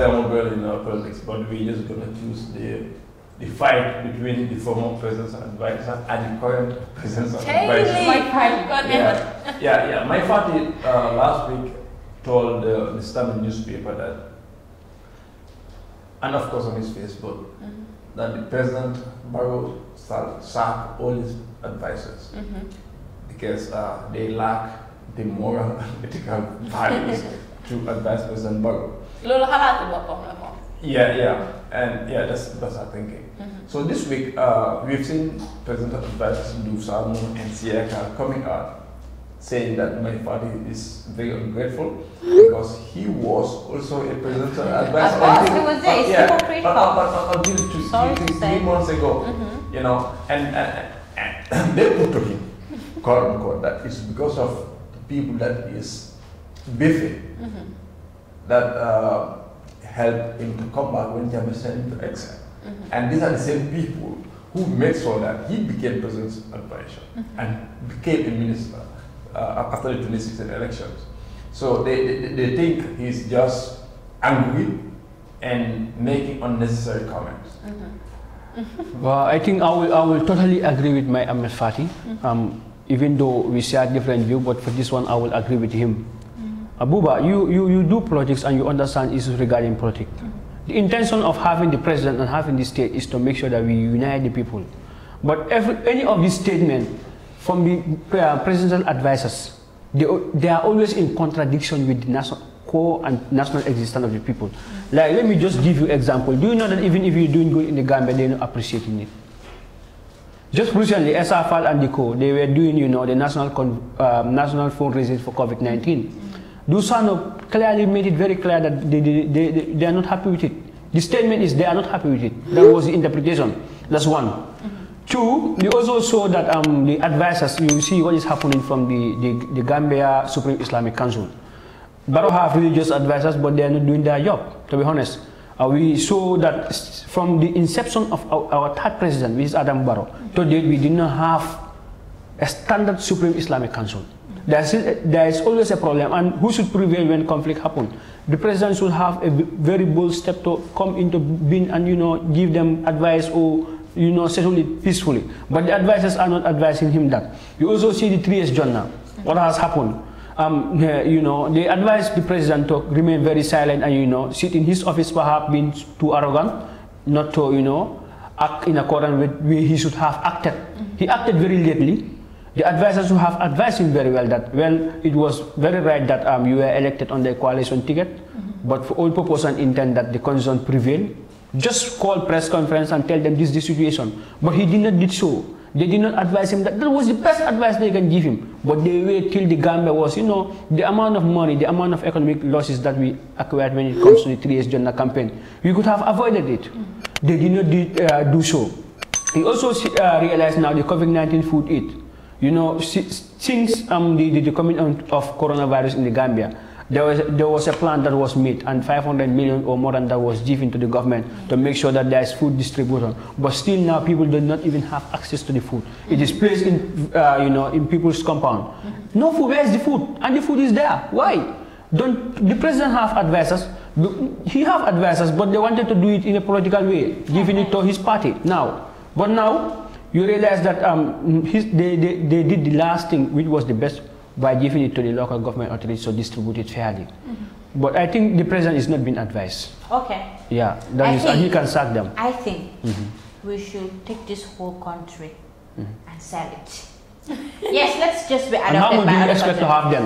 them well in our politics, but we're just going to choose the the fight between the former president and and the current president and vice. My fight. Yeah, yeah, yeah. My party uh, last week told uh, the Standard newspaper that, and of course on his Facebook, mm -hmm. that the president borrowed sacked all his advisors mm -hmm. because uh, they lack the moral and ethical values to advance with Zimbabwe. Yeah, yeah, and yeah, that's that's our thinking. Mm -hmm. So this week, uh, we've seen President Advice Dusamu and Siaka coming out saying that my party is very ungrateful because he was also a presidential advisor. Of course, he was there. It's yeah, uh, but But, but, two, Sorry three, three months ago, mm -hmm. you know, and, and, uh, and uh, they put to him, quote unquote, that it's because of the people that is Biffy mm -hmm. that uh, helped him to come back when was sent him to exile. Mm -hmm. And these are the same people who made sure that he became president's advisor mm -hmm. and became a minister uh, after the 2016 elections. So they, they, they think he's just angry and making unnecessary comments. Mm -hmm. well, I think I will, I will totally agree with my Ahmed Fati. Mm-hmm. Um, even though we share different view, but for this one, I will agree with him. Abuba, you, you, you do politics and you understand issues regarding politics. The intention of having the president and having the state is to make sure that we unite the people. But every, any of these statements from the uh, presidential advisors, they, they are always in contradiction with the national core and national existence of the people. Like, let me just give you example. Do you know that even if you're doing good in the Gambia, they're not appreciating it? Just recently, SFL and the Co, they were doing, you know, the national, um, national fundraising for COVID-19 Dusano clearly made it very clear that they, they, they, they are not happy with it. The statement is they are not happy with it. That was the interpretation. That's one. Two, you also saw that um, the advisors, you see what is happening from the, the, the Gambia Supreme Islamic Council. Baro have religious advisors, but they are not doing their job, to be honest. Uh, we saw that from the inception of our, our third president, which is Adam Barrow, today we did not have a standard Supreme Islamic Council. There's, there is always a problem, and who should prevail when conflict happens? The president should have a very bold step to come into being and you know give them advice or you know settle it peacefully. But the advisors are not advising him that. You also see the 3S journal. What has happened? Um, you know, they advise the president to remain very silent and you know sit in his office, perhaps being too arrogant, not to you know act in accordance with where he should have acted. He acted very lately the advisors who have advised him very well that, well, it was very right that um, you were elected on the coalition ticket, mm -hmm. but for all purpose and intent that the condition prevail, just call press conference and tell them this is the situation. But he did not did so. They did not advise him that that was the best advice they can give him. But they wait till the Gambia was, you know, the amount of money, the amount of economic losses that we acquired when it comes to the three years Jonna campaign. We could have avoided it. Mm-hmm. They did not do, uh, do so. He also uh, realized now the COVID-19 food aid you know, since um, the, the, coming of coronavirus in the Gambia, there was, there was a plan that was made and 500 million or more than that was given to the government to make sure that there is food distribution. But still now people do not even have access to the food. It is placed in, uh, you know, in people's compound. No food, where is the food? And the food is there. Why? Don't, the president have advisors. He have advisors, but they wanted to do it in a political way, giving it to his party now. But now, you realize that um, his, they, they, they did the last thing which was the best by giving it to the local government authorities to distribute it fairly. Mm -hmm. But I think the president is not being advised. Okay. Yeah, that is, uh, think, and he can sack them. I think mm -hmm. we should take this whole country mm -hmm. and sell it. yes, let's just be adopted and how much do you expect country. to have them?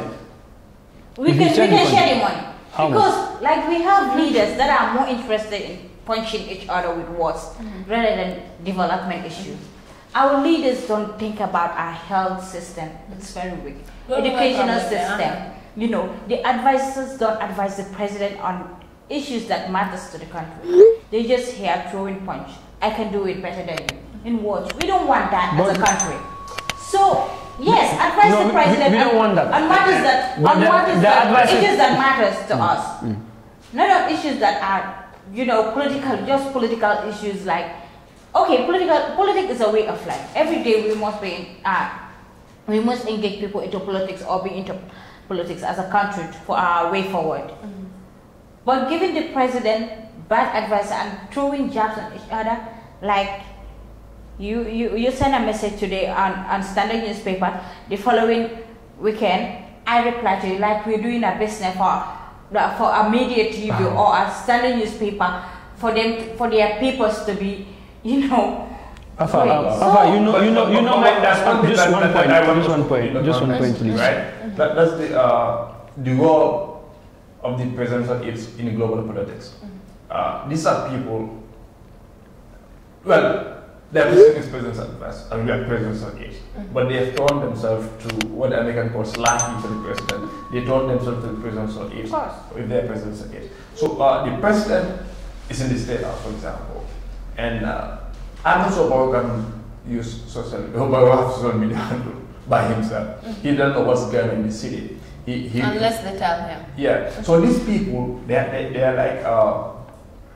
We if can, we can share the money. How because much? like we have leaders that are more interested in punching each other with words mm-hmm. rather than development issues. Our leaders don't think about our health system. It's very weak. Educational system. Yeah. You know, the advisors don't advise the president on issues that matters to the country. They just here throwing punch. I can do it better than you. In what? We don't want that but as a country. So yes, advise no, the president. We, we don't on, want that. On matters that on the, matters the that issues that matters to mm, us. Mm. None issues that are you know political, just political issues like okay, political politics is a way of life. Every day we must be uh, we must engage people into politics or be into politics as a country for our way forward. Mm -hmm. But giving the president bad advice and throwing jabs at each other, like you you, you send a message today on, on standard newspaper, the following weekend I reply to you like we're doing a business for for a media TV wow. or a standard newspaper for them for their papers to be you know. Afa, uh, so, Afa, you know, you know, you know. that's just one point. Just one point. Just one point, please. Right. That, that's the uh, the role of the presence of in global politics. Mm-hmm. Uh, these are people. Well, they have the same presence at first, and we have presence of apes, mm-hmm. but they have turned themselves to what the American calls lacking for the president. They turned themselves to the presence of apes with their presence of So uh, the president is in the state house, uh, for example. And uh, I'm not sure Bob can use social, Bob has social media by himself. Mm-hmm. He doesn't know what's going on in the city. He, he, Unless they tell him. Yeah. So these people, they are, they, they are like uh,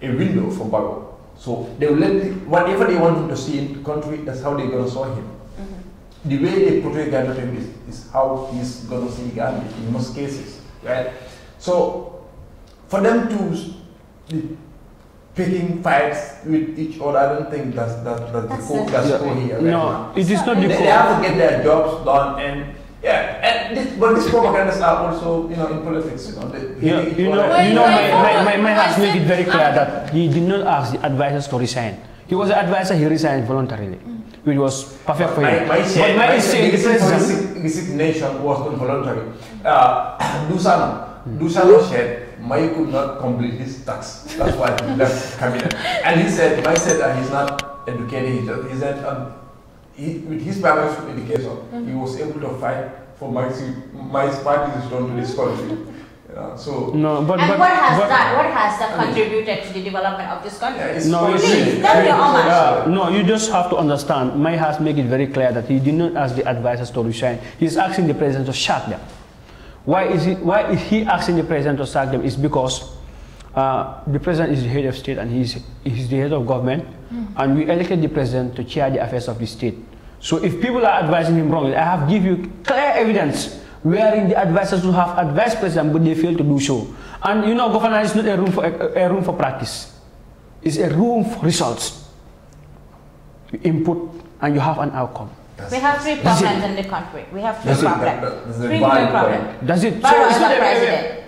a window for Bago. So they will let the, whatever they want him to see in the country, that's how they're gonna show him. Mm-hmm. The way they portray Gandhi to him is, is how he's gonna see Gandhi in most cases, right? So for them to picking fights with each other. I don't think that's that that that's the focus That's yeah. here. Right no, now. it is not the They, they have to get their jobs done and. Yeah, and this, but these propagandas are also, you know, in politics, you know. They, yeah, you know, you know my, my, my, my husband made it very clear that he did not ask the advisors to resign. He was an advisor, he resigned voluntarily, mm. which was perfect for him. My, my, but my, my my resignation was not voluntary. Uh, Dusano, Dusano said Mai could not complete his tax. That's why he left cabinet. And he said, Mai said that he's not educated. He, just, he said, um, he, with his balance education, mm -hmm. he was able to fight for Mike's party to return to this country. Yeah, so no, but, and but, what has but, that what has that contributed to the development of this country? Yeah, no, you yeah, no, you just have to understand. May has made it very clear that he did not ask the advisors to resign. He's asking the president to shut down. Why is, why is he asking the president to sack them? It's because uh, the president is the head of state and he's, he's the head of government, mm. and we elected the president to chair the affairs of the state. So if people are advising him wrongly, I have give you clear evidence wherein the advisors who have advised president but they fail to do so. And you know, governance is not a room for a, a room for practice. It's a room for results. You input and you have an outcome we have three problems in the country. We have three problems. Three main problems. Does it? Barrow as a president.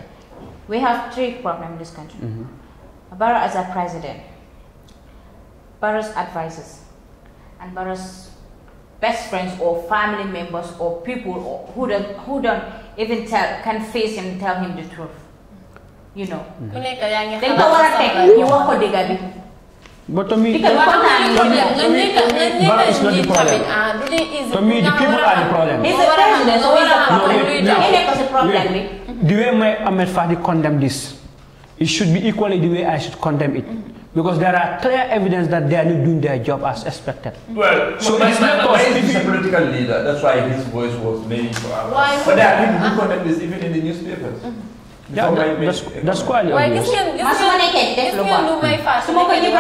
We have three problems in this country. Mm-hmm. Barrow as a president. Barrow's advisors. And Barrow's best friends or family members or people or who don't who don't even tell can face him tell him the truth. You know. Mm-hmm. Dañ ko war a teg ñu but to me, because what i the problem, ah, To me, the people are the problem. Is the problem? So what happened? No, problem. The way my Ahmed Fadi condemned this, it should be equally the way I should condemn it. Because there are clear evidence that they are not doing their job as expected. Well, so it's not my He's a political leader. That's why his voice was made for hours. But there are people who condemn this even in the newspapers. Mm-hmm. dafa may das ko ali waaye gis ngeen su ma nekkee di def lu bon su ma ko ñu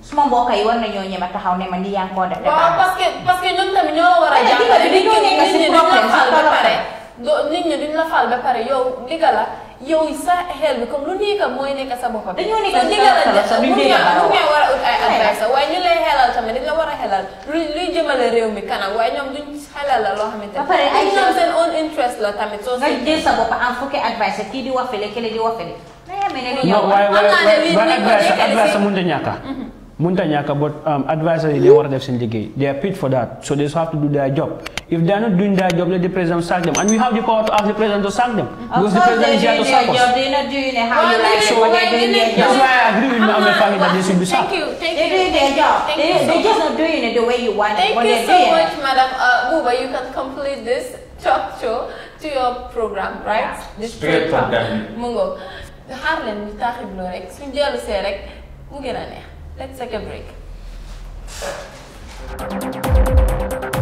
su ma mbokk yi war nañoo ñëw a taxaw ne ma ni yaa ngi koo def waaw ñoo war a jàppale nit ñi duñ la la faal ba pare yow liga la yow sa xel bi comme lu nii mooy nekk sa boppam dañoo nekk sa boppam mu ngi war a ut ay advice waaye ñu lay xelal tamit dañ la war a xelal luy jëmale réew mi kanam waaye ñoom duñ xelal la loo xamante ne. ba pare ay ñoom seen own interest la tamit. soo nga jël sa bopp am fukki advice kii di wafale kële di wafale. na yàlla mel ne li ñu. waaye waaye waaye advice advice mënut a ñàkk munta ñaka but um, advisors they were def sen liggey they are paid for that so they have to do their job if they are not doing their job let the president sack them and we have the power to ask the president to sack them because the president is here to sack us they're not doing it how you like so that's why I agree with Mohamed Fahim that they should be sacked thank you thank they're doing their job they, they're just not doing it the way you want it thank you so much madam uh, Buba you can complete this talk show to your program right this program Mungo Harlem ñu taxib lo rek suñu jëlu sé rek mu gëna Let's take a break.